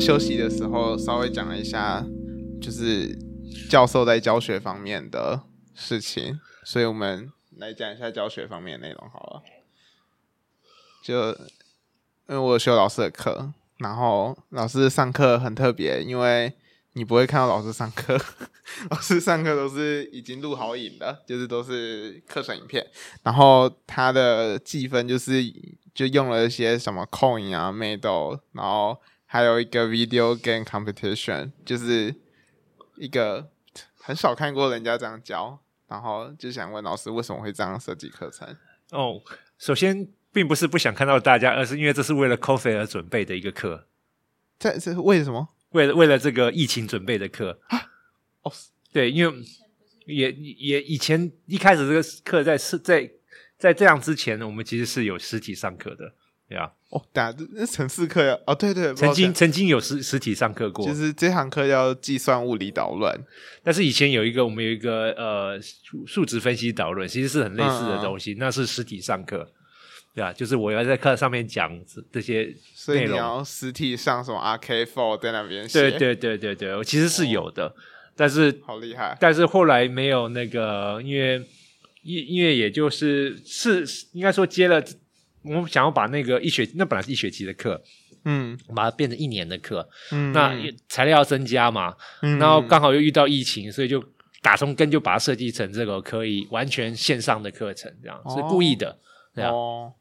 休息的時候稍微講了一下，就是教授在教學方面的事情，所以我們來講一下教學方面的內容好了。就因為我有修老師的課，然後老師上課很特別，因為你不會看到老師上課，老師上課都是已經錄好影的，就是都是課程影片。然後他的計分就是就用了一些什麼 coin 啊、medal 然後。還有一個 video game competition，就是一個很少看過人家這樣教，然後就想問老師為什麼會這樣設計課程？哦，首先並不是不想看到大家，而是因為這是為了 COVID 而準備的一個課。這是為什麼？為了為了這個疫情準備的課。啊、哦，對，因為也也以前一開始這個課在在在這樣之前，我們其實是有實體上課的。對啊，Yeah. 哦，大家，那城市課要哦，對對，曾經曾經有實實體上課過，就是這堂課叫計算物理導論，但是以前有一個我們有一個呃數值分析導論，其實是很類似的東西，嗯嗯那是實體上課，對啊、嗯嗯，yeah, 就是我要在課上面講這些內容，所以你要實體上什麼 R K four 在那邊，對對對對對，其實是有的，哦、但是好厲害，但是後來沒有那個，因為因因為也就是是應該說接了。我們想要把那個一學，那本來是一學期的課，嗯，把它變成一年的課，嗯，那材料要增加嘛，嗯，然後剛好又遇到疫情，嗯，所以就打從根就把它設計成這個可以完全線上的課程，這樣，哦，是故意的，這樣。哦。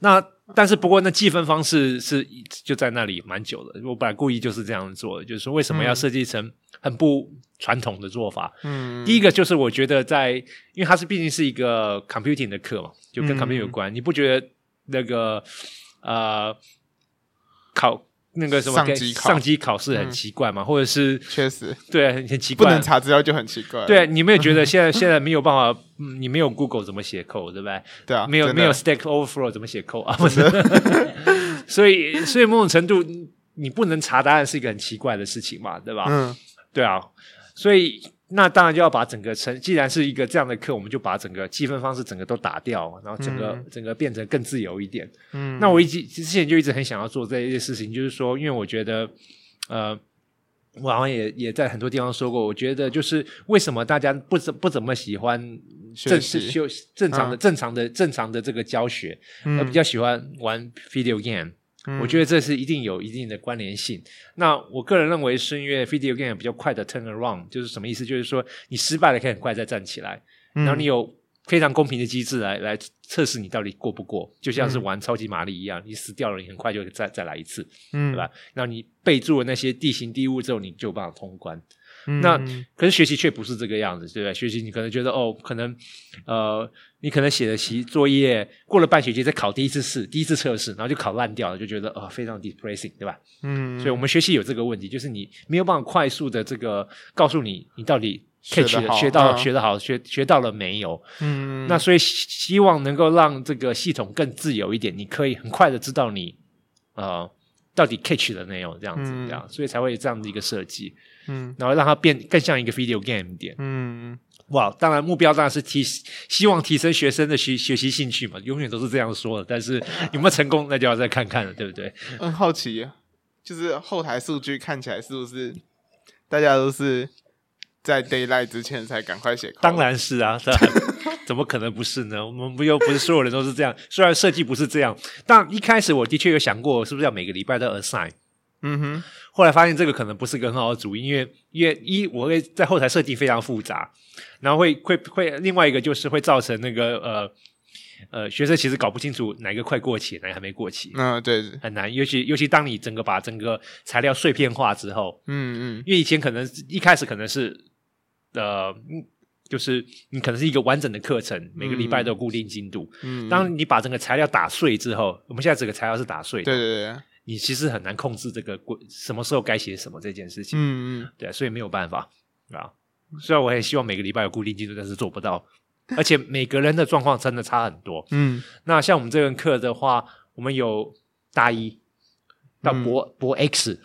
那，但是不過，那計分方式是就在那裡蠻久的。我本來故意就是這樣做的，就是說為什麼要設計成很不傳統的做法？嗯，第一個就是我覺得在，因為它是畢竟是一個 computing 的課嘛，就跟 computing 有關，嗯、你不覺得那個呃考？那個什麼，上機考試很奇怪嘛，或者是確實對很很奇怪，不能查資料就很奇怪。對，你沒有覺得現在現在沒有辦法，你沒有 Google 怎麼寫 code 對不對？對啊，沒有沒有 Stack Overflow 怎麼寫 code 啊？不是，所以所以某種程度，你不能查答案是一個很奇怪的事情嘛，對吧？嗯，對啊，所以。那當然就要把整個成，既然是一個這樣的課，我們就把整個積分方式整個都打掉，然後整個、嗯、整個變成更自由一點。嗯，那我一直之前就一直很想要做這一件事情，就是說，因為我覺得，呃，我好像也也在很多地方說過，我覺得就是為什麼大家不怎不怎麼喜歡正式修習正常的、嗯、正常的正常的這個教學，而比較喜歡玩 video game。我覺得這是一定有一定的關聯性。那我個人認為，是因為 video game 比較快的 turn around，就是什麼意思？就是說你失敗了可以很快再站起來，嗯、然後你有非常公平的機制來來測試你到底過不過，就像是玩超級瑪麗一樣，嗯、你死掉了你很快就再再來一次，對、嗯、吧？然後你背住了那些地形地物之後，你就有辦法通關。嗯、那可是學習卻不是這個樣子，對不對？學習你可能覺得哦，可能呃。你可能寫的習作業過了半學期，再考第一次試，第一次測試，然後就考爛掉了，就覺得呃非常 depressing 對吧？嗯，所以我們學習有這個問題，就是你沒有辦法快速的這個告訴你你到底 catch 學，學到了、嗯、學得好，學學到了沒有？嗯，那所以希望能夠讓這個系統更自由一點，你可以很快的知道你呃到底 catch 了沒有這樣子、嗯、這樣，所以才會有這樣的一個設計。嗯，然後讓它變更像一個 video game 一點。嗯，哇，wow，當然目標當然是提希望提升學生的學學習興趣嘛，永遠都是這樣說的。但是有沒有成功，那就要再看看了，對不對？很、嗯、好奇，就是後台數據看起來是不是大家都是在 deadline 之前才趕快寫？當然是啊當然，怎麼可能不是呢？ 我們不又不是所有人都是這樣？雖然設計不是這樣，但一開始我的確有想過，是不是要每個禮拜都 assign。嗯哼，後來發現這個可能不是個很好的主意，因為因為一我會在後台設計非常複雜，然後會會會另外一個就是會造成那個呃呃學生其實搞不清楚哪個快過期，哪個還沒過期。嗯、哦，對，很難。尤其尤其當你整個把整個材料碎片化之後，嗯嗯，嗯因為以前可能一開始可能是呃，就是你可能是一個完整的課程，每個禮拜都有固定進度。嗯，當你把整個材料打碎之後，我們現在整個材料是打碎的。對對對、啊。你其實很難控制這個過什麼時候該寫什麼這件事情，嗯嗯，對、啊，所以沒有辦法啊。雖然我也希望每個禮拜有固定進度，但是做不到。而且每個人的狀況真的差很多，嗯。那像我們這門課的話，我們有大一到博、嗯、博 X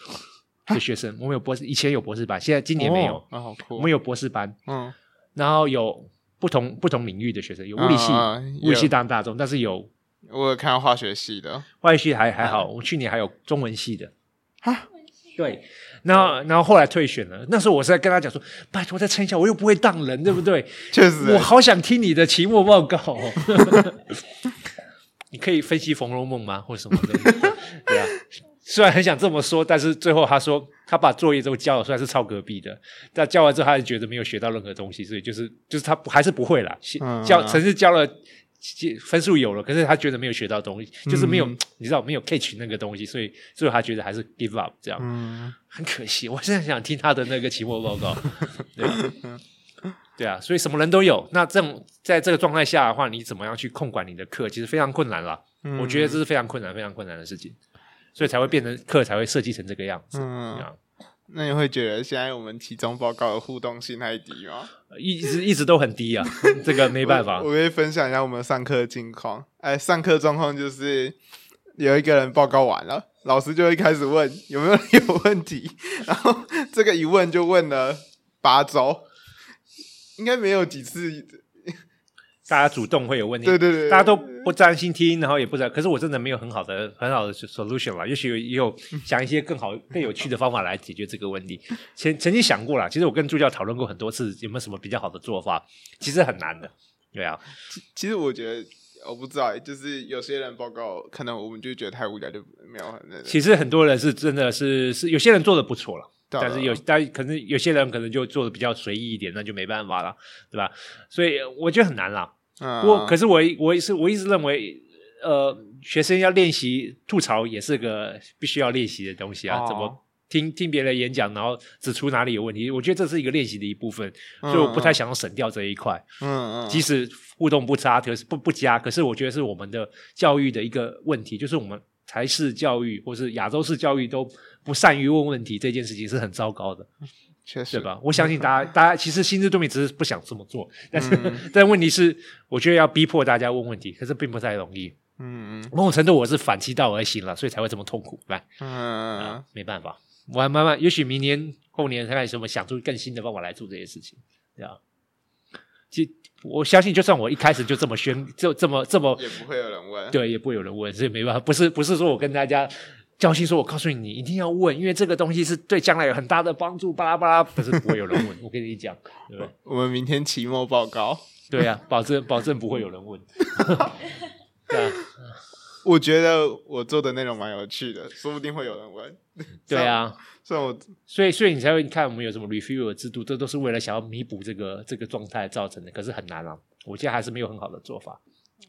的學生，啊、我們有博士以前有博士班，現在今年沒有、哦啊、好酷、我們有博士班，嗯。然後有不同不同領域的學生，有物理系，啊、物理系當大眾，啊 yeah、但是有。我有看化學系的，化學系還還好。我去年還有中文系的啊，哈對，那然、然後後來退選了。那時候我是在跟他講說：“拜托再撐一下，我又不會當人，對不對？”確實、欸，我好想聽你的期末報告、哦。 你可以分析《紅樓夢》嗎，或者什麼的？ 對啊，雖然很想這麼說，但是最後他說他把作業都交了，雖然是抄隔壁的，但交完之後還是覺得沒有學到任何東西，所以就是就是他還是不會啦。學教，程式教了。分數有了，可是他覺得沒有學到東西，就是沒有，嗯、你知道，沒有 catch 那個東西，所以所以他覺得還是 give up 這樣，嗯、很可惜。我現在想聽他的那個期末報告， 對吧？對啊，所以什麼人都有。那這種在這個狀態下的話，你怎麼樣去控管你的課，其實非常困難啦。嗯、我覺得這是非常困難、非常困難的事情，所以才會變成課才會設計成這個樣子、嗯那你會覺得現在我們期中報告的互動性太低嗎？一直一直都很低啊， 這個沒辦法。我可以分享一下我們上課的近況。哎，上課狀況就是有一個人報告完了，老師就會開始問有沒有有問題，然後這個一問就問了八周，應該沒有幾次。大家主動會有問題，對對對，對，對，對對對，大家都不專心聽，然後也不知道。可是我真的沒有很好的很好的 solution 了，也許以後想一些更好、更有趣的方法來解決這個問題。前曾經想過啦，其實我跟助教討論過很多次，有沒有什麼比較好的做法？其實很難的，對啊、嗯。有有其實我覺得我不知道，就是有些人報告可能我們就覺得太無聊就，就沒有。其實很多人是真的是是有些人做的不錯了。但是有，嗯、但可能有些人可能就做的比較隨意一點，那就沒辦法了，對吧？所以我覺得很難啦。我、嗯、不過可是我我也是我一直認為，呃，學生要練習吐槽也是個必須要練習的東西啊。哦、怎麼聽聽別人演講，然後指出哪裡有問題？我覺得這是一個練習的一部分，所以我不太想要省掉這一塊、嗯。嗯，嗯，即使互動不差，可是不不加，可是我覺得是我們的教育的一個問題，就是我們。台式教育，或是亞洲式教育都不善於問問題，這件事情是很糟糕的，確實，對吧？我相信大家， 大家其實心知肚明，只是不想這麼做。但是，嗯、但問題是，我覺得要逼迫大家問問題，可是並不太容易。嗯嗯，某種程度我是反其道而行了，所以才會這麼痛苦，來，嗯嗯、呃，沒辦法，我還慢慢，也許明年、後年，才開始什麼想出更新的辦法來做這些事情，對吧、啊？就我相信，就算我一開始就這麼宣，就這麼這麼也不會有人問，對，也不會有人問，所以沒辦法，不是不是說我跟大家交心說，我告訴你，你一定要問，因為這個東西是對將來有很大的幫助，巴拉巴拉，不是不會有人問， 我跟你講，對吧，我們明天期末報告，對呀，啊，保證保證不會有人問。 對啊，我覺得我做的內容蠻有趣的，說不定會有人問。嗯、對啊，so, so 所以所以你才會看我們有什麼 review 的制度，這都是為了想要彌補這個這個狀態造成的。可是很難啊，我現在還是沒有很好的做法。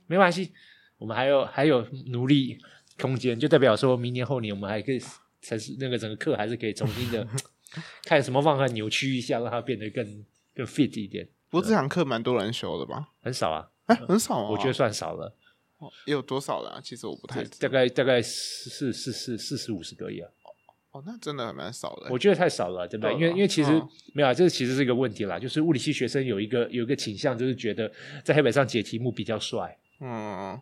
沒關係，我們還有還有努力空間，就代表說明年後年我們還可以才是那個整個課還是可以重新的 看什麼方法扭曲一下，讓它變得更更 fit 一點。不過這堂課蠻多人修的吧？很少啊，很少啊，欸、少啊我覺得算少了。也有多少了、啊？其實我不太對、嗯、大概大概四四四四四十五十個而已哦，那真的還蠻少的，我覺得太少了，對不對？哦、因為因為其實、哦、沒有、啊，這個其實是一個問題啦。就是物理系學生有一個有一個傾向，就是覺得在黑板上解題目比較帥。嗯，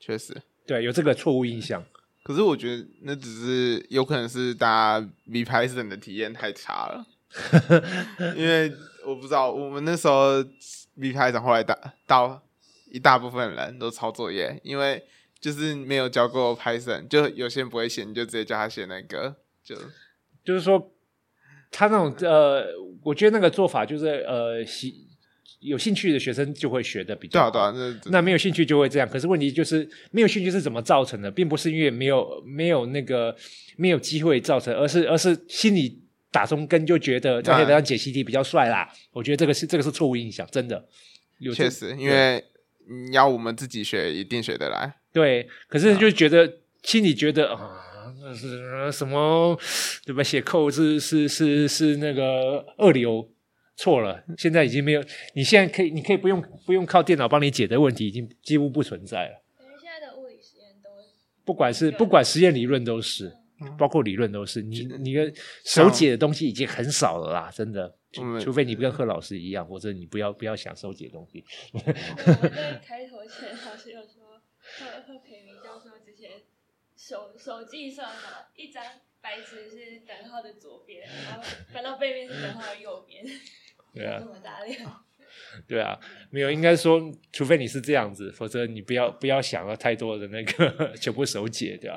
確實，對，有這個錯誤印象、嗯。可是我覺得那只是有可能是大家 V Python 的體驗太差了， 因為我不知道我們那時候、B、Python 後來打到一大部分人都抄作業，因為就是沒有教過 Python，就有些人不會寫，你就直接叫他寫那個。就就是說，他那種呃，我覺得那個做法，就是呃喜，有興趣的學生就會學的比較多，對，對，對，那沒有興趣就會這樣。可是問題就是，沒有興趣是怎麼造成的？並不是因為沒有沒有那個沒有機會造成，而是而是心裡打從根就覺得那、嗯、些人解習題比較帥啦。我覺得這個是這個是錯誤印象，真的有確實，因為要我們自己學，對一定學得來。對，可是就覺得、嗯、心裡覺得啊。呃什麼？對吧？寫扣字是是是那個二流錯了，現在已經沒有。你現在可以，你可以不用不用靠電腦幫你解的問題，已經幾乎不存在了。因為現在的物理實驗都是，不管是不管實驗理論都是，嗯、包括理論都是，你你的手解的東西已經很少了啦，真的。嗯、除，除非你不跟賀老師一樣，或者你不要不要想手解的東西。對 我們在開頭前，老師有說賀賀培銘。手手計算的一張白紙是等號的左邊，然後翻到背面是等號的右邊， 對啊，對啊，沒有，應該說，除非你是這樣子，否則你不要不要想了太多的那個呵呵全部手解，對吧？啊？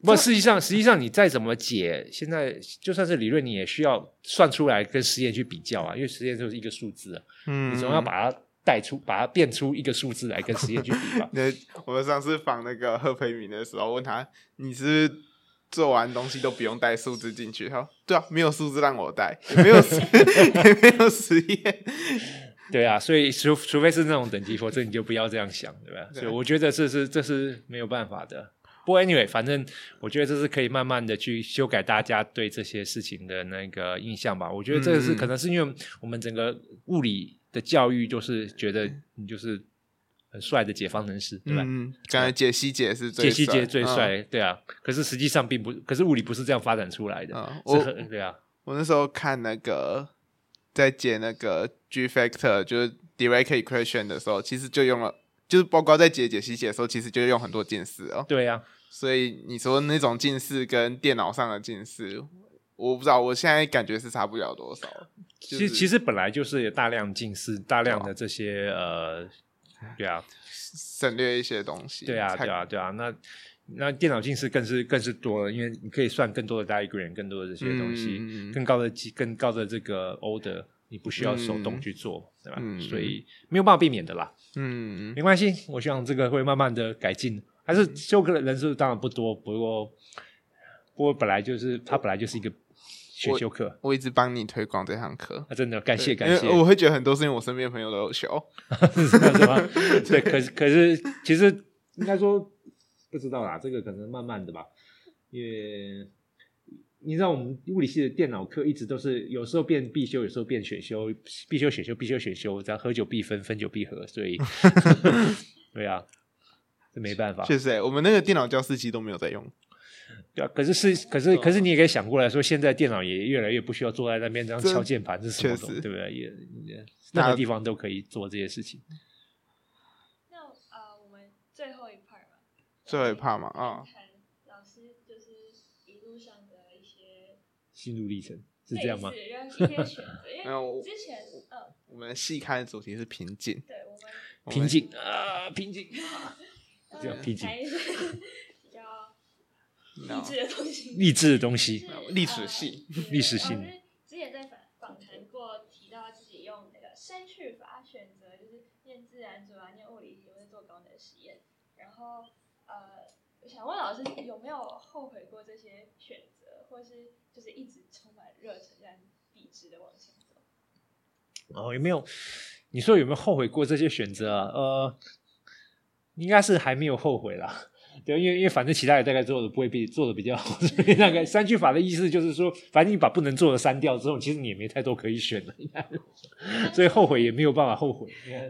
不過實際上實際上你再怎麼解，現在就算是理論，你也需要算出來跟實驗去比較啊，因為實驗就是一個數字，啊，嗯嗯你總要把它。帶出，把它變出一個數字來跟實驗去比吧。 我們上次訪那個賀培銘的時候，問他：“你是，是做完東西都不用帶數字進去？”他說：對啊，沒有數字讓我帶，沒有實 也沒有實驗。”對啊，所以除除非是那種等級，否則你就不要這樣想，對吧？對啊，所以我覺得這是這是沒有辦法的。不過 anyway，反正我覺得這是可以慢慢的去修改大家對這些事情的那個印象吧。我覺得這是可能是因為我們整個物理。的教育就是覺得你就是很帥的解方程式，嗯、對吧？嗯，剛才解析解是最帥，解析解最帥，嗯、對啊。可是實際上並不，可是物理不是這樣發展出來的。嗯、很我對啊，我那時候看那個在解那個 G factor 就是 Dirac equation 的時候，其實就用了，就是包括在解解析解的時候，其實就用很多近似哦。對呀、啊，所以你說那種近似跟電腦上的近似，我不知道，我現在感覺是差不了多少。其實、就是、其實本來就是有大量近視，大量的這些、哦、呃，對啊，省略一些東西，對啊對啊對啊。那那電腦近視更是更是多了，因為你可以算更多的 diagram，更多的這些東西，嗯、更高的級、更高的這個 order，你不需要手動去做，嗯、對吧？嗯、所以沒有辦法避免的啦。嗯，沒關係，我希望這個會慢慢的改進。還是修課人數當然不多，不過不過本來就是它本來就是一個。我選修課，我一直幫你推廣這堂課，啊、真的感謝感謝。對我會覺得很多事，因為我身邊朋友都有修， 是是 對，對可，可是可是其實應該說不知道啦，這個可能慢慢的吧。因為你知道我們物理系的電腦課一直都是有時候變必修，有時候變選修，必修選修，必修選修，只要合久必分，分久必合，所以 對啊，這沒辦法。確實、欸，我們那個電腦教室機都沒有在用。啊、可是是，可是可是你也可以想過來說，現在電腦也越來越不需要坐在那邊這樣敲鍵盤，是什麼東西，對不對？也、yeah, yeah, 那，那個地方都可以做這些事情。那呃，uh, 我們最後一 part 嘛，最後一 part 嘛，啊、uh,，老師就是一路上的一些心路歷程，是這樣嗎？因為之前我們細看的主題是瓶頸，對，我們瓶頸們，啊，瓶頸，啊、 這樣瓶頸。 勵 No, 志的東西，勵志的東西，歷史系，歷史系。老師之前在訪訪談過，提到自己用那個生趣法選擇，就是念自然主、啊，主要念物理系、啊，或者做高能實驗。然後，呃，我想問老師有沒有後悔過這些選擇，或是就是一直充滿熱忱，然後筆直的往前走。哦，有沒有？你說有沒有後悔過這些選擇、啊？呃，應該是還沒有後悔啦。對，因為因為反正其他也大概做的不會比做的比較好，所以大概刪去法的意思就是說，反正你把不能做的刪掉之後，其實你也沒太多可以選的，所以後悔也沒有辦法後悔。啊、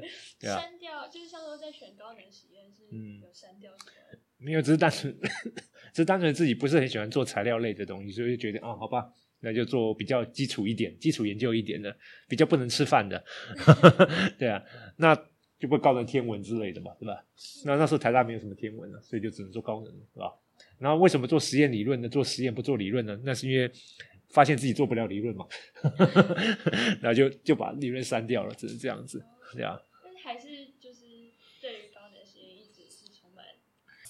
刪掉就是像說在選高能實驗，是嗯，有刪掉、嗯、沒有？只是單純呵呵只是單純自己不是很喜歡做材料類的東西，所以就覺得啊、哦，好吧，那就做比較基礎一點、基礎研究一點的，比較不能吃飯的。呵呵對啊，那。就不會高能天文之類的嘛，對吧？那那時候台大沒有什麼天文了，啊，所以就只能做高能，是吧？然後為什麼做實驗理論呢？做實驗不做理論呢？那是因為發現自己做不了理論嘛，然 後就就把理論刪掉了，只，就是這樣子，對吧？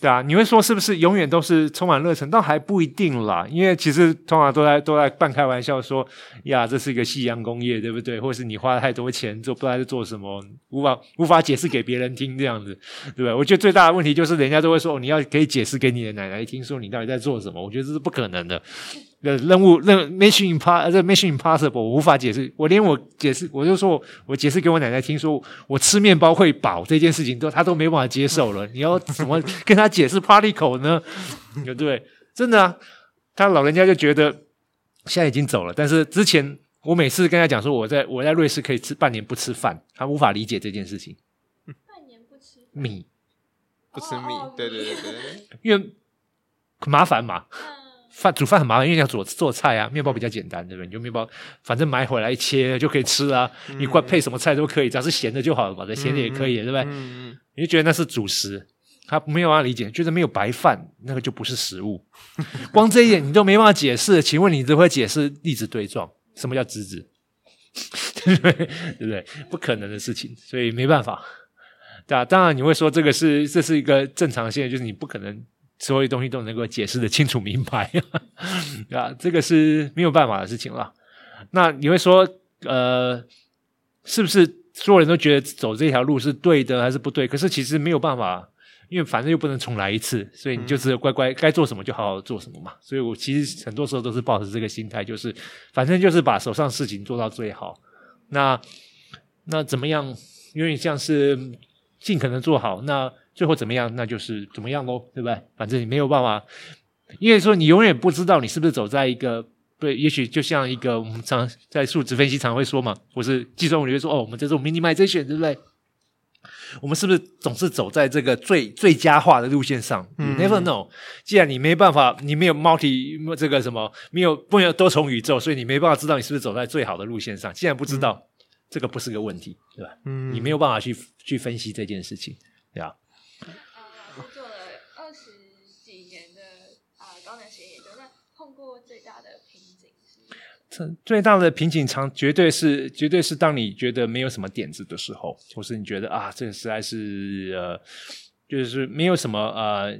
對啊，你會說是不是永遠都是充滿熱忱？倒還不一定啦，因為其實通常都在都在半開玩笑說，呀，這是一個夕陽工業，對不對？或是你花太多錢做，不知道在做什麼，無法無法解釋給別人聽這樣子，對不對？我覺得最大的問題就是，人家都會說，你要可以解釋給你的奶奶聽說你到底在做什麼？我覺得這是不可能的。任務任 machine i m o mission impossible 我無法解釋，我連我解釋我就說我我解釋給我奶奶聽說我吃面包會飽這件事情都她都沒辦法接受了，你要怎麼跟她解釋 particle 呢？ 對，真的啊，她老人家就覺得現在已經走了，但是之前我每次跟她講說我在我在瑞士可以吃半年不吃飯，她無法理解這件事情。嗯、半年不吃米，不吃米，oh, 對對對對，因為麻煩嘛。嗯煮飯很麻煩，因為你要做做菜啊。麵包比較簡單，對不對？你就麵包，反正買回來切就可以吃啊。嗯、你關配什麼菜都可以，只要是鹹的就好了嘛。再鹹的也可以，嗯、對不對？嗯、你就覺得那是主食，他沒有辦法理解，覺得沒有白飯那個就不是食物。光這一點你都沒辦法解釋。 請問你只會解釋粒子對撞，什麼叫質子 對不對？對不對？不可能的事情，所以沒辦法。對啊，當然你會說這個是這是一個正常現象，就是你不可能。所有東西都能夠解釋的清楚明白、。 嗯、啊，這個是沒有辦法的事情了。那你會說，呃，是不是所有人都覺得走這條路是對的還是不對？可是其實沒有辦法，因為反正又不能重來一次，所以你就只有乖乖該做什麼就好好做什麼嘛。嗯、所以我其實很多時候都是抱着這個心態，就是反正就是把手上事情做到最好。那那怎麼樣？因為像是盡可能做好那。最後怎麼樣，那就是怎麼樣嘍，對不對？反正你沒有辦法，因為說你永遠不知道你是不是走在一個，對，也許就像一個我們常在數值分析常常會說嘛，或是計算物理說，我們也會說，哦，我們叫做 minimization，對不對？我們是不是總是走在這個最最佳化的路線上？You never know。嗯。既然你沒辦法，你沒有 multi 這個什麼，沒有沒有多重宇宙，所以你沒辦法知道你是不是走在最好的路線上。既然不知道，嗯。這個不是個問題，對吧？嗯，你沒有辦法去去分析這件事情，對吧？最大的瓶頸，常絕對是絕對是當你覺得沒有什麼點子的時候，或是你覺得啊，這實在是呃，就是沒有什麼呃，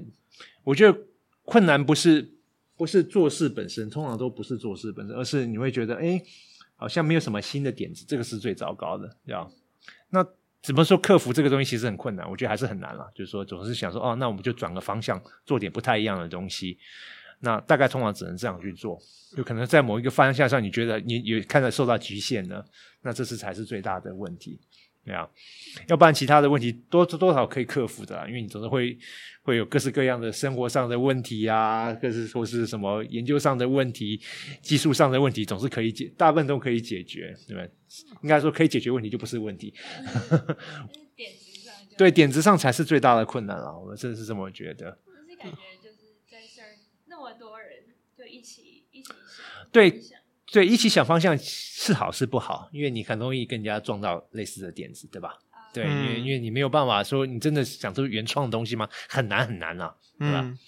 我覺得困難不是不是做事本身，通常都不是做事本身，而是你會覺得哎，好像沒有什麼新的點子，這個是最糟糕的，對吧？那怎麼說克服這個東西其實很困難，我覺得還是很難了，就是說總是想說哦，那我們就轉個方向，做點不太一樣的東西。那大概通常只能這樣去做，就可能在某一個方向上，你覺得你也看着受到局限了，那這是才是最大的問題，這樣，要不然其他的問題多多少可以克服的，啊，因為你總是會會有各式各樣的生活上的問題呀，啊，各式或是說是什麼研究上的問題、技術上的問題，總是可以解，大部分都可以解決，對吧？嗯、應該說可以解決問題就不是問題，對，點子上才是最大的困難了，啊，我們真的是這麼覺得。對對，一起想方向是好是不好，因為你很容易跟人家撞到類似的點子，對吧？對，嗯、因為因為你沒有辦法說你真的想出原創的東西嗎？很難很難啊，對吧？嗯、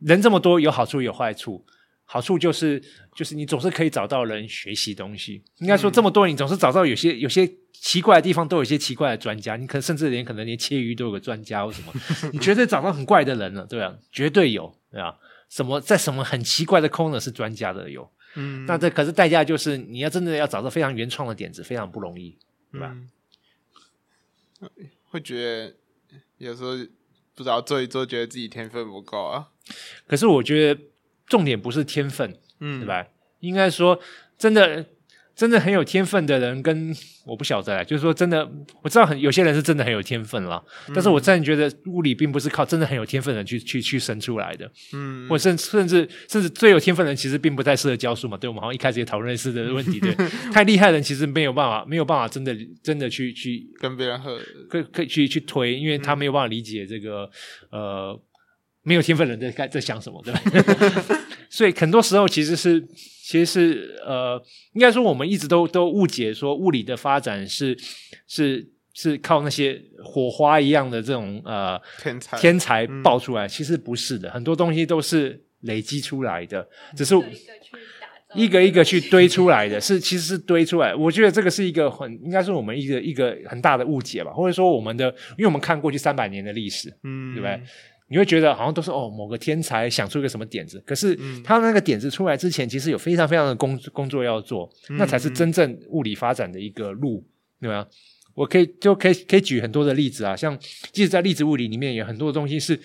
人這麼多，有好處有壞處，好處就是就是你總是可以找到人學習東西。應該說，這麼多人，嗯、你總是找到有些有些奇怪的地方，都有一些奇怪的專家。你可能甚至連可能連切魚都有個專家或什麼， 你絕對找到很怪的人了，對啊，絕對有，對啊，什麼在什麼很奇怪的 corner 是專家的有。嗯，那這可是代價，就是你要真的要找到非常原創的點子，非常不容易，對吧？嗯，會覺得有時候不知道做一做，覺得自己天分不夠啊。可是我覺得重點不是天分，嗯，對吧？應該說真的。真的很有天分的人跟、跟我不曉得，就是說真的，我知道很有些人，是真的很有天分啦，嗯、但是我真的覺得物理並不是靠真的很有天分的人去去去生出來的，嗯，或甚甚至甚至最有天分的人其實並不太適合教書嘛，對，我們好像一開始也討論類似的問題，對，嗯，太厲害的人其實沒有辦法沒有辦法真的真的去去跟別人和可以可以去去推，因為他沒有辦法理解這個、嗯、呃沒有天分的人在在在想什麼，對，嗯、 所以很多時候其實是。其實是呃，應該說我們一直都都誤解說物理的發展是是是靠那些火花一樣的這種呃天才天才爆出來，嗯、其實不是的，很多東西都是累積出來的，只是一個一個去堆出來的是，是、嗯、其實是堆出來。我覺得這個是一個很應該是我們一個一個很大的誤解吧，或者說我們的，因為我們看過去三百年的歷史，嗯，對不對？你會覺得好像都是哦某個天才想出一個什麼點子，可是他那個點子出來之前，其實有非常非常的工工作要做，那才是真正物理發展的一個路，對吧？我可以就可以可以舉很多的例子啊，像即使在粒子物理裡面，有很多東西是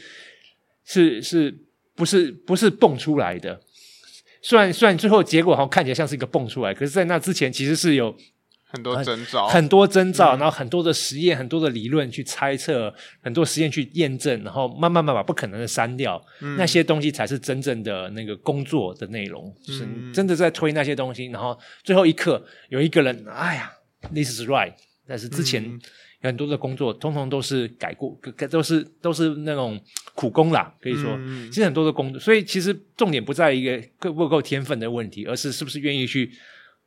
是是不是不是蹦出來的，雖然雖然最後結果好像看起來像是一個蹦出來，可是在那之前其實是有。很多徵兆，很多徵兆，嗯、然後很多的實驗，很多的理論去猜測，很多實驗去驗證，然後慢慢慢把不可能的刪掉，嗯、那些東西才是真正的那個工作的內容，就、嗯、是真的在推那些東西，然後最後一刻有一個人，哎呀，This is right。但是之前有很多的工作，通通都是改過，改都是都是那種苦工啦，可以說，嗯、其實很多的工作，所以其實重點不在一個夠不夠天分的問題，而是是不是願意去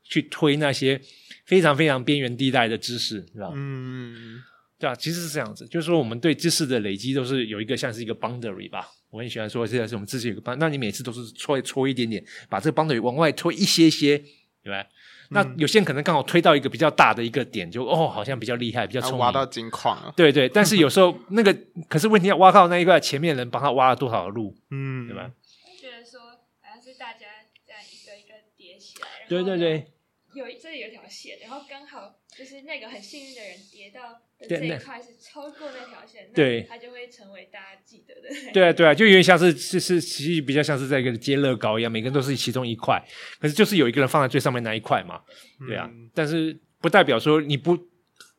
去推那些非常非常邊緣地帶的知識，是吧？嗯，對啊。其實是這樣子，就是說我們對知識的累積都是有一個像是一個 boundary 吧。我很喜歡說，現在是我們自己有個 boundary。那你每次都是搓搓一點點，把這個 boundary 往外搓一些些，對吧？嗯、那有些人可能剛好推到一個比較大的一個點，就哦，好像比較厲害，比較聰明，挖到金礦了。對對，但是有時候 那個可是問題要挖到那一塊，前面人幫他挖了多少的路，嗯，對吧？我覺得說好像是大家這樣一個一個疊起來。對對對。有這裡有條線，然後剛好就是那個很幸運的人疊到的這一塊是超過那條線，對那他就會成為大家記得的對。對啊，對啊，就有點像是，就是其實比較像是在一個接樂高一樣，每個人都是其中一塊，嗯、可是就是有一個人放在最上面那一塊嘛，對啊，嗯、但是不代表說你不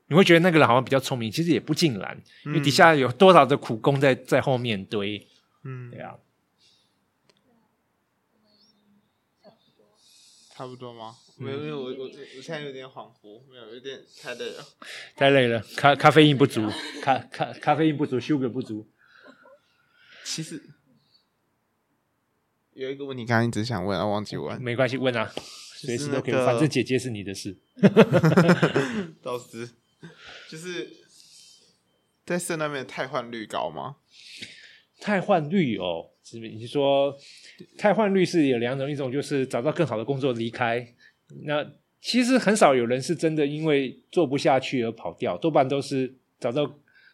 你會覺得那個人好像比較聰明，其實也不盡然，因為底下有多少的苦功在在後面堆，嗯，對啊。差不多嗎？沒有沒有，我我我現在有點恍惚，沒有有點太累了，太累了，咖咖啡因不足，咖咖 咖啡因不足，Sugar 不足。其實有一個問題，剛剛一直想問，啊，忘記問，沒關係，問啊，隨時都可以。OK, 反正姐姐是你的事。倒是， 就是在 CERN 那邊的汰換率高嗎？汰換率哦。你說，汰換率是有兩種,種，一種就是找到更好的工作離開，那其實很少有人是真的因為做不下去而跑掉，多半都是找到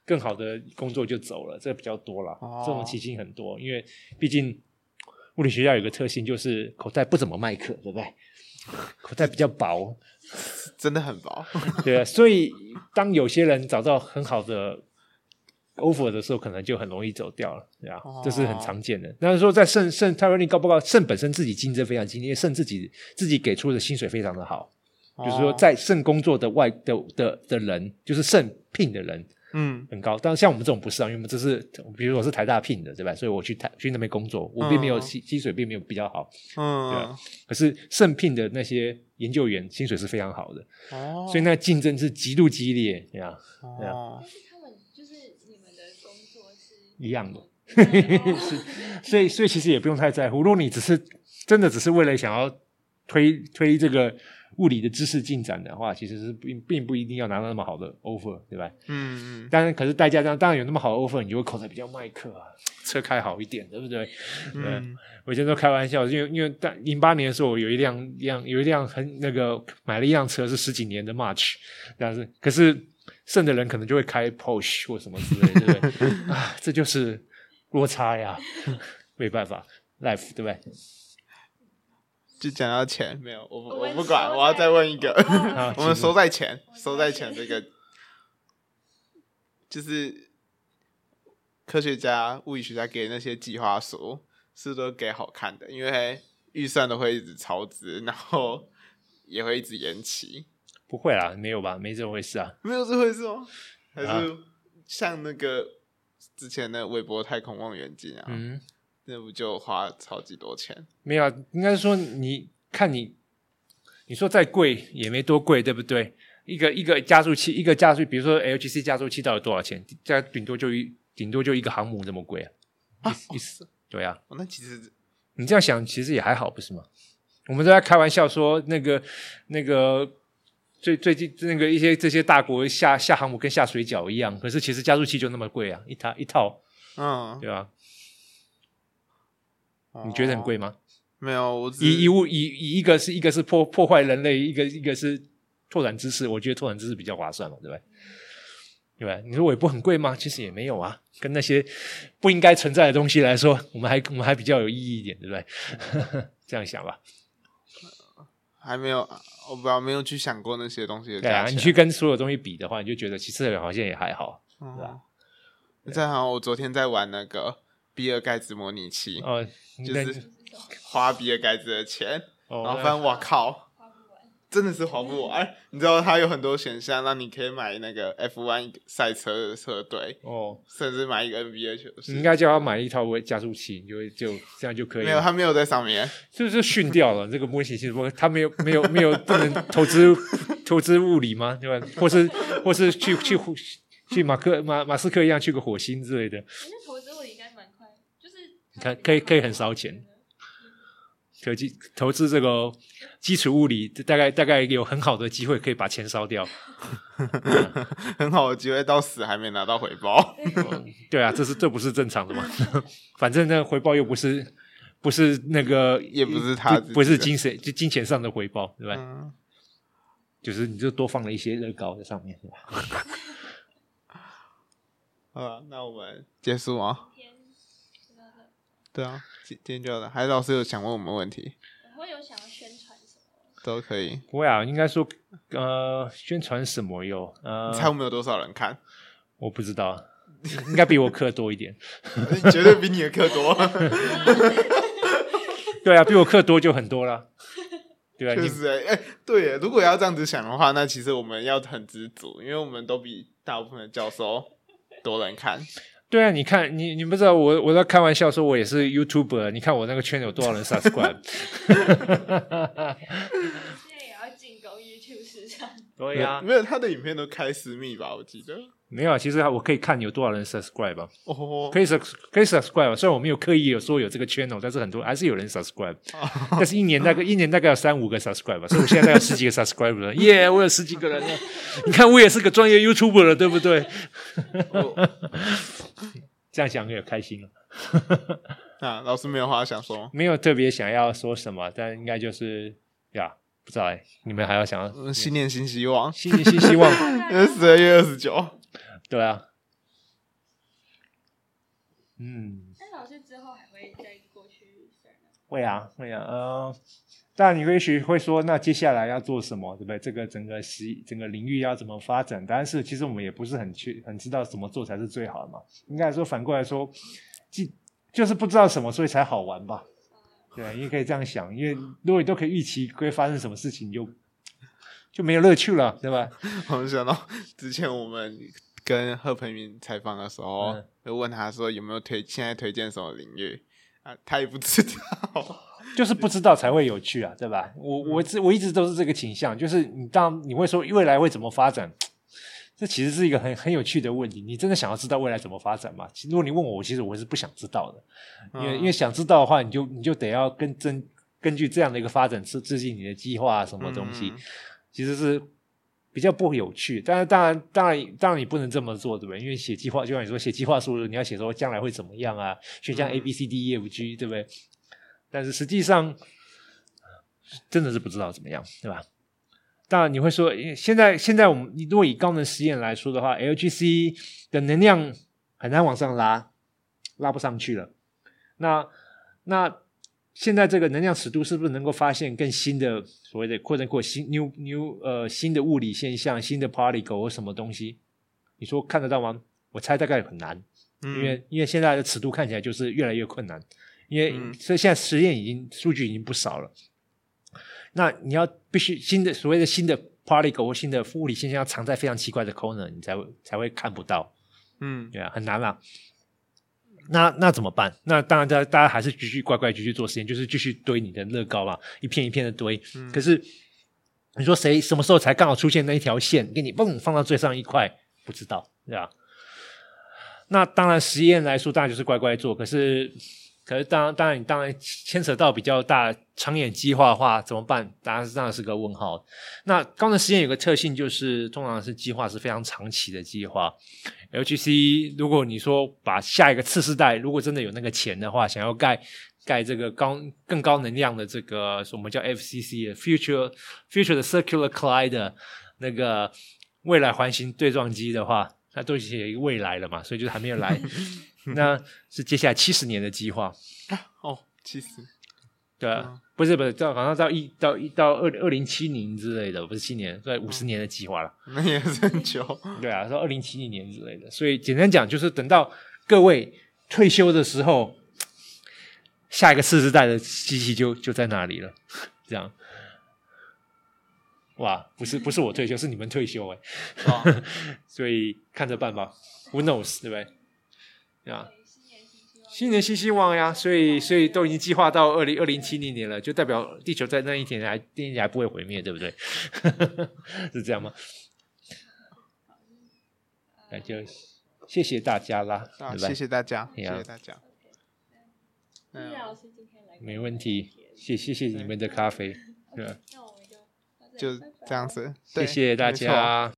更好的工作就走了，這比較多了。哦、這種情形很多，因為畢竟物理學校有個特性，就是口袋不怎麼賣課，對不對？口袋比較薄， 真的很薄。 對、啊，所以當有些人找到很好的。offer 的時候可能就很容易走掉了，對吧、啊？這是很常見的。啊、但是說在 CERN、CERN，汰換率高不高？CERN 本身自己競爭非常激烈，CERN 自己自己給出的薪水非常的好。啊、就是說，在 CERN 工作的外的的的，的人，就是 CERN 聘的人，嗯，很高。但是像我們這種不是啊，因為我們這是，比如我是台大聘的，對吧？所以我去台去那邊工作，我並沒有薪薪、啊、水並沒有比較好，嗯、啊，對，可是 CERN 聘的那些研究員薪水是非常好的，哦、啊，所以那競爭是極度激烈，對呀、啊，對、啊一樣的、嗯哦， 所以所以其實也不用太在乎。如果你只是真的只是為了想要推推這個物理的知識進展的話，其實是並並不一定要拿到那麼好的 offer，對吧？嗯嗯。當然，可是代價當然有那麼好的 offer，你就會口才比較麥克啊，車開好一點，對不對？嗯，嗯，我以前都開玩笑，因為因為但零八年的時候有一輛，有一輛輛有一輛很那個買了一輛車是十幾年的 March，但是可是。剩的人可能就會開 Porsche 或什麼之類，對不對？ 啊，這就是落差呀，呵呵，沒辦法，life，對不對？就講到錢沒有，我我不管，我要再問一個，啊、我們收在錢，收在錢這個，就是科學家、物理學家給那些計劃書是不是都給好看的，因為預算都會一直超支，然後也會一直延期。不會啦，沒有吧？沒這回事啊！沒有這回事哦，啊、還是像那個之前的韋伯太空望遠鏡啊，嗯，那不就花超級多錢？沒有、啊，應該是說你看你，你說再貴也沒多貴，對不對？一個一個加速器，一個加速器，比如說 LHC 加速器，到底多少錢？加頂多就一頂多就一個航母這麼貴啊？思、啊、意思、哦、對啊。那其實你這樣想，其實也還好，不是嗎？我們都在開玩笑說那個那個。那個最最近那個一些這些大國下下航母跟下水餃一樣，可是其實加速器就那麼貴啊，一台一套，嗯，對吧？嗯，你覺得很貴嗎？嗯？沒有，我以以物以以一個是一個是，一個是破破壞人類，一個一個是拓展知識。我覺得拓展知識比較划算嘛，對不對？對吧？你說我也不很貴嗎？其實也沒有啊，跟那些不應該存在的東西來說，我們還我們還比較有意義一點，對不對？ 這樣想吧。還沒有，我不知道，沒有去想過那些東西的。對啊，你去跟所有東西比的話，你就覺得其實好像也還好，嗯，是吧？再好、啊，啊、我昨天在玩那個比爾蓋茨模擬器，uh, 就是花比爾蓋茨的錢，uh, 然後發現我靠。Uh, 真的是劃不完，嗯、你知道他有很多選項，讓你可以買那個 F1 賽車的車隊，哦，甚至買一個 NBA 球。你應該叫他買一套加速器，就會就這樣就可以。沒有，他沒有在上面，就是訓掉了 這個模型其實。他沒有沒有沒有不能投資 投資物理嗎？對吧？或是或是去去去馬克馬馬斯克一樣去個火星之類的。嗯、那投資物理應該蠻快，就是可可以可以很燒錢。投基投資這個基礎物理，大概大概有很好的機會可以把錢燒掉， 啊、 很好的機會到死還沒拿到回報， 對啊，這是這不是正常的嘛？ 反正那個回報又不是不是那個，也不是他的不是精神就金錢上的回報，對吧？嗯、就是你就多放了一些熱高在上面，是吧？啊，那我們結束啊。對啊，今天就的還是老師有想問我們問題，然後有想要宣傳什麼？都可以，不會啊，應該說呃，宣傳什麼用？呃，你猜我們有多少人看？我不知道，應該比我課多一點， 絕對比你的課多。 對啊，比我課多就很多了。對啊，就是哎，對，如果要這樣子想的話，那其實我們要很知足，因為我們都比大部分的教授多人看。對啊，你看你你不知道我我在開玩笑說，我也是 YouTuber。你看我那個圈有多少人 subscribe？哈哈哈 哈哈！ 現在也要進攻 YouTube 市場。對呀、啊，嗯、沒有他的影片都開私密吧？我記得。沒有，其實我可以看有多少人 subscribe，、啊 oh, oh, oh. 可以 sub 可以 subscribe、啊。雖然我沒有刻意有說有這個 channel，但是很多還是有人 subscribe。Oh, oh. 但是，一年大概一年大概有三五個 subscribe，、啊、 所以我現在大概有十幾個 subscribe 了、啊。耶、yeah,，我有十幾個人了， 你看我也是個專業 YouTuber 了，對不對？Oh. 這樣想也開心那、 啊、老師沒有話想說，沒有特別想要說什麼，但應該就是呀，yeah, 不知道哎、欸，你們還要想要新年新希望， 新年新希望，十二月二十九。對啊，嗯。那老師之後還會再過去算嗎？會啊，會啊，嗯。但你或許會說，那接下來要做什麼，對不對？這個整個系、整個領域要怎麼發展？但是其實我們也不是很確、很知道怎麼做才是最好的嘛。應該說反過來說，就就是不知道什麼，所以才好玩吧？對、啊，你可以這樣想。因為如果你都可以預期會發生什麼事情就，就就沒有樂趣了，對吧？我們想到之前我們。跟賀鵬雲採訪的時候，嗯、就問他說有沒有推，現在推薦什麼領域啊？他也不知道，就是不知道才會有趣啊，對吧？我我、嗯、我一直都是這個傾向，就是你當你會說未來會怎麼發展，這其實是一個很很有趣的問題。你真的想要知道未來怎麼發展嗎？其實如果你問我，我其實我是不想知道的，因為、嗯、因為想知道的話，你就你就得要跟真根據這樣的一個發展制定你的計劃啊，什麼東西，嗯、其實是。比較不有趣，但是當然，當然，當然，你不能這麼做，對不對？因為寫計劃，就像你說寫計劃書，你要寫說將來會怎麼樣啊？選項 A、嗯、A, B、C、D、E、F、G，對不對？但是實際上，呃，真的是不知道怎麼樣，對吧？當然你會說，現在現在我們，你如果以高能實驗來說的話，LHC 的能量很難往上拉，拉不上去了。那那。現在這個能量尺度是不是能夠發現更新的所謂的擴展擴新 new new 呃，新的物理現象，新的 particle 或什麼東西？你說看得到嗎？我猜大概很難，嗯、因為因為現在的尺度看起來就是越來越困難，因為、嗯、所以現在實驗已經數據已經不少了，那你要必須新的所謂的新的 particle 或新的物理現象要藏在非常奇怪的 corner，你才會才會看不到，嗯，對啊，很難啦。那那怎麼辦？那當然，大大家還是繼續乖乖繼續做實驗，就是繼續堆你的樂高啊，一片一片的堆。嗯、可是你說誰什麼時候才剛好出現那一條線給你蹦放到最上一塊？不知道，對吧？那當然，實驗來說，大家就是乖乖做。可是。可是當然，當當然當然牽扯到比較大長遠計劃的話，怎麼辦？當然是當然是個問號。那高能實驗有個特性，就是通常是計劃是非常長期的計劃。LHC 如果你說把下一個次世代，如果真的有那個錢的話，想要蓋蓋這個高更高能量的這個什麼叫 FCC（Future Future 的 Circular Collider） 那個未來環形對撞機的話，那都是一個未來了嘛，所以就還沒有來。 那是接下來七十年的計劃、啊、哦，七十對啊，嗯、不是不是，到好像到一到一到二二零七零之類的，不是七年，對五十年的計劃了、嗯，那也是很久。對啊，說二零七零年之類的，所以簡單講就是，等到各位退休的時候，下一個四十代的機器就就在那裡了。這樣， 哇，不是不是我退休， 是你們退休哎、欸，哦、 所以看着辦吧，Who knows，對不對？啊，新年新希望呀！所以所以都已經計劃到二零二零七零年了，就代表地球在那一天還電影還不會毀滅，對不對？是這樣嗎？那就謝謝大家啦，謝謝大家，謝謝大家。嗯，沒問題，謝謝謝你們的咖啡，對吧？那我們就這樣子，謝謝大家。